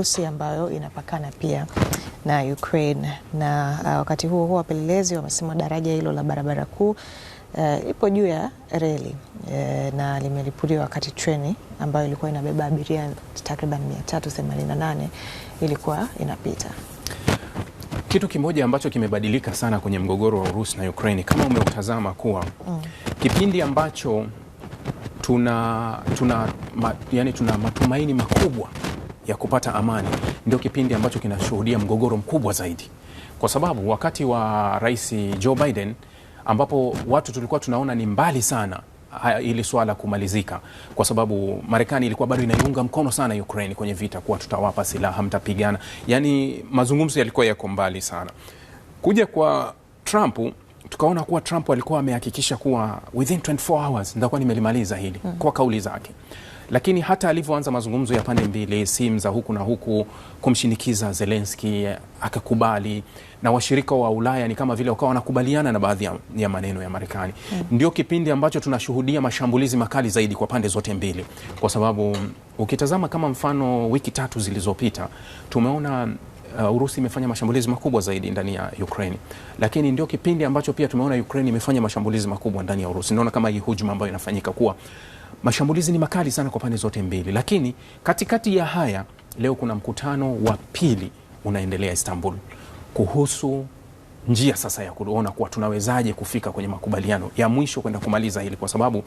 Urusi ambayo inapakana pia na Ukraine na uh, wakati huo huo wapelelezi wamesema daraja hilo la barabara kuu uh, ipo juu ya reli uh, na limelipuliwa wakati treni ambayo ilikuwa inabeba abiria takriban 388 ilikuwa inapita. Kitu kimoja ambacho kimebadilika sana kwenye mgogoro wa Urusi na Ukraine kama umeutazama kuwa mm. kipindi ambacho tuna, tuna, ma, yani tuna matumaini makubwa ya kupata amani ndio kipindi ambacho kinashuhudia mgogoro mkubwa zaidi, kwa sababu wakati wa Rais Joe Biden ambapo watu tulikuwa tunaona ni mbali sana ili swala kumalizika, kwa sababu Marekani ilikuwa bado inaiunga mkono sana Ukraine kwenye vita, kuwa tutawapa silaha, mtapigana. Yani mazungumzo yalikuwa yako mbali sana. Kuja kwa Trump tukaona kuwa Trump alikuwa amehakikisha kuwa within 24 hours nitakuwa nimelimaliza hili, kwa kauli zake. Lakini hata alivyoanza mazungumzo ya pande mbili, simu za huku na huku kumshinikiza Zelenski akakubali, na washirika wa Ulaya ni kama vile wakawa wanakubaliana na baadhi ya, ya maneno ya Marekani mm. Ndio kipindi ambacho tunashuhudia mashambulizi makali zaidi kwa pande zote mbili, kwa sababu ukitazama kama mfano wiki tatu zilizopita tumeona Uh, Urusi imefanya mashambulizi makubwa zaidi ndani ya Ukraine, lakini ndio kipindi ambacho pia tumeona Ukraine imefanya mashambulizi makubwa ndani ya Urusi. Naona kama hii hujuma ambayo inafanyika kuwa Mashambulizi ni makali sana kwa pande zote mbili, lakini katikati ya haya leo kuna mkutano wa pili unaendelea Istanbul kuhusu njia sasa ya kuona kuwa tunawezaje kufika kwenye makubaliano ya mwisho kwenda kumaliza hili, kwa sababu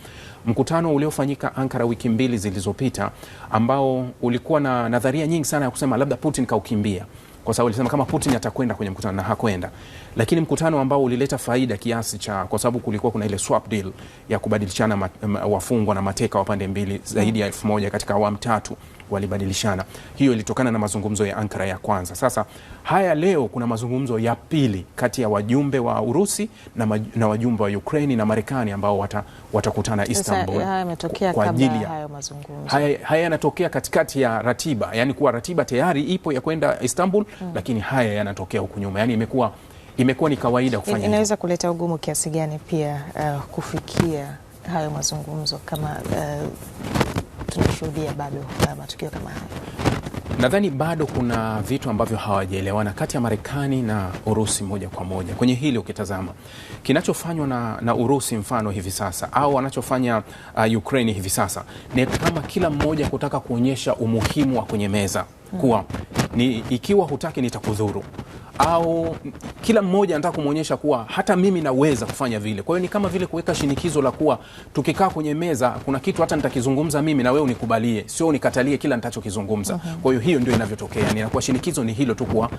mkutano uliofanyika Ankara wiki mbili zilizopita ambao ulikuwa na nadharia nyingi sana ya kusema labda Putin kaukimbia kwa sababu alisema kama Putin atakwenda kwenye mkutano na hakwenda, lakini mkutano ambao ulileta faida kiasi cha, kwa sababu kulikuwa kuna ile swap deal ya kubadilishana wafungwa na mateka wa pande mbili zaidi ya elfu moja katika awamu tatu walibadilishana. Hiyo ilitokana na mazungumzo ya Ankara ya kwanza. Sasa haya leo kuna mazungumzo ya pili kati ya wajumbe wa Urusi na, maj, na wajumbe wa Ukraini na Marekani ambao watakutana wata Istanbul. Eh, kwa ajili ya haya yanatokea katikati ya ratiba, yani kuwa ratiba tayari ipo ya kwenda Istanbul hmm. Lakini haya yanatokea huku nyuma, yani imekuwa imekuwa ni kawaida kufanya. Inaweza kuleta ugumu kiasi gani pia uh, kufikia hayo mazungumzo kama uh, tunashuhudia bado uh, matukio kama haya? Nadhani bado kuna vitu ambavyo hawajaelewana kati ya Marekani na Urusi moja kwa moja kwenye hili. Ukitazama kinachofanywa na, na Urusi mfano hivi sasa au wanachofanya uh, Ukraini hivi sasa ni kama kila mmoja kutaka kuonyesha umuhimu wa kwenye meza hmm. kuwa ni, ikiwa hutaki nitakudhuru au kila mmoja anataka kumwonyesha kuwa hata mimi naweza kufanya vile. Kwa hiyo ni kama vile kuweka shinikizo la kuwa tukikaa kwenye meza, kuna kitu hata nitakizungumza mimi na wewe unikubalie, sio unikatalie kila nitachokizungumza. Okay. Mhm. Kwa hiyo hiyo ndio inavyotokea, ni kwa shinikizo ni hilo tu, kuwa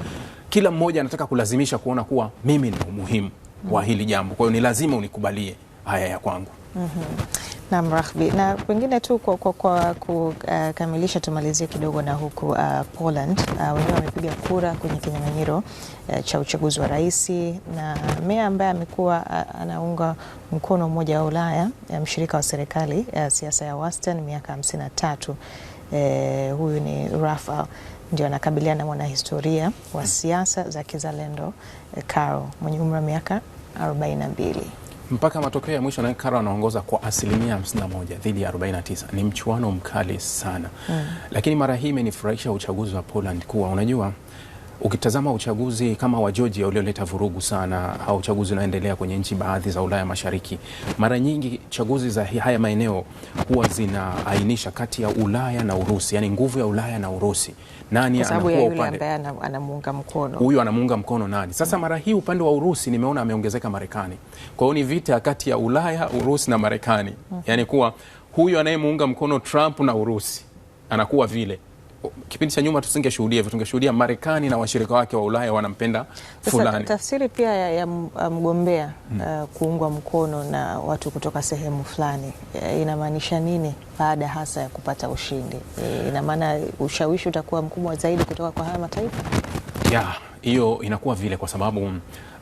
kila mmoja anataka kulazimisha kuona kuwa mimi ni umuhimu wa mhm. hili jambo, kwa hiyo ni lazima unikubalie haya ya kwangu mm -hmm. Naam, Rahbi, na pengine tu kwa, kwa, kwa kukamilisha tumalizie kidogo na huku uh, Poland uh, wenyewe wamepiga kura kwenye kinyang'anyiro uh, cha uchaguzi wa rais, na meya ambaye amekuwa uh, anaunga mkono Umoja wa Ulaya uh, mshirika wa serikali uh, siasa ya Western miaka 53 uh, huyu ni rafa ndio anakabiliana na mwanahistoria wa siasa za kizalendo uh, Karl mwenye umri wa miaka 42. Mpaka matokeo ya mwisho na Karo anaongoza kwa asilimia 51 dhidi ya 49. Ni mchuano mkali sana mm. Lakini mara hii imenifurahisha uchaguzi wa Poland kuwa unajua Ukitazama uchaguzi kama wa Georgia ulioleta vurugu sana, au uchaguzi unaendelea kwenye nchi baadhi za Ulaya Mashariki, mara nyingi chaguzi za haya maeneo huwa zinaainisha kati ya Ulaya na Urusi, yani nguvu ya Ulaya na Urusi, nani anakuwa upande, anamuunga mkono huyu, anamuunga mkono nani? Sasa mm. mara hii upande wa Urusi nimeona ameongezeka Marekani. Kwa hiyo ni vita kati ya Ulaya, Urusi na Marekani, mm. yani kuwa huyu anayemuunga mkono Trump na Urusi anakuwa vile kipindi cha nyuma tusingeshuhudia hivyo, tungeshuhudia Marekani na washirika wake wa Ulaya wanampenda fulani. Tafsiri pia ya, ya mgombea hmm, uh, kuungwa mkono na watu kutoka sehemu fulani uh, inamaanisha nini baada hasa ya kupata ushindi? Uh, ina maana ushawishi utakuwa mkubwa zaidi kutoka kwa haya mataifa ya hiyo, inakuwa vile kwa sababu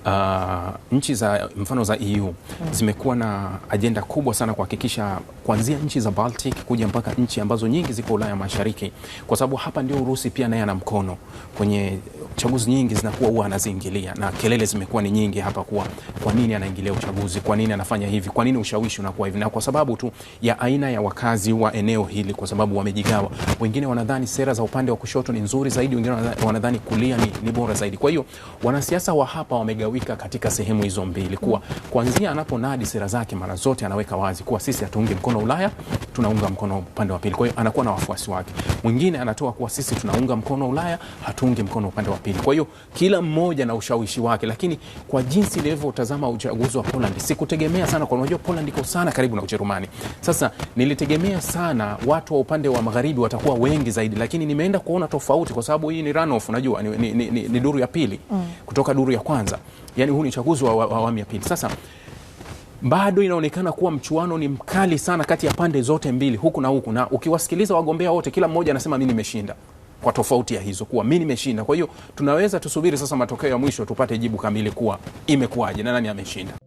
uh, nchi za mfano za EU zimekuwa na ajenda kubwa sana kuhakikisha kuanzia nchi za Baltic kuja mpaka nchi ambazo nyingi ziko Ulaya Mashariki, kwa sababu hapa ndio Urusi pia naye ana mkono kwenye chaguzi nyingi zinakuwa huwa anaziingilia, na kelele zimekuwa ni nyingi hapa kuwa kwa nini anaingilia uchaguzi, kwa nini anafanya hivi, kwa nini ushawishi unakuwa hivi, na kwa sababu tu ya aina ya wakazi wa eneo hili, kwa sababu wamejigawa. Wengine wanadhani sera za upande wa kushoto ni nzuri zaidi, wengine wanadhani kulia ni, ni bora zaidi. Kwa hiyo wanasiasa wa hapa wamegawa kugawika katika sehemu hizo mbili, kuwa kuanzia anaponadi sera zake mara zote anaweka wazi kuwa sisi hatuungi mkono Ulaya, tunaunga mkono upande wa pili. Kwa hiyo anakuwa na wafuasi wake. Mwingine anatoa kuwa sisi tunaunga mkono Ulaya, hatuungi mkono upande wa pili. Kwa hiyo kila mmoja na ushawishi wake, lakini kwa jinsi nilivyotazama uchaguzi wa Poland sikutegemea sana, kwa unajua Poland iko sana karibu na Ujerumani. Sasa nilitegemea sana watu wa upande wa magharibi watakuwa wengi zaidi, lakini nimeenda kuona tofauti, kwa sababu hii ni runoff, unajua ni, ni, ni, ni duru ya pili mm, kutoka duru ya kwanza yani huu ni uchaguzi wa awamu ya pili. Sasa bado inaonekana kuwa mchuano ni mkali sana kati ya pande zote mbili huku na huku, na ukiwasikiliza wagombea wote, kila mmoja anasema mi nimeshinda, kwa tofauti ya hizo kuwa mi nimeshinda. Kwa hiyo tunaweza tusubiri sasa matokeo ya mwisho tupate jibu kamili kuwa imekuwaje na nani ameshinda.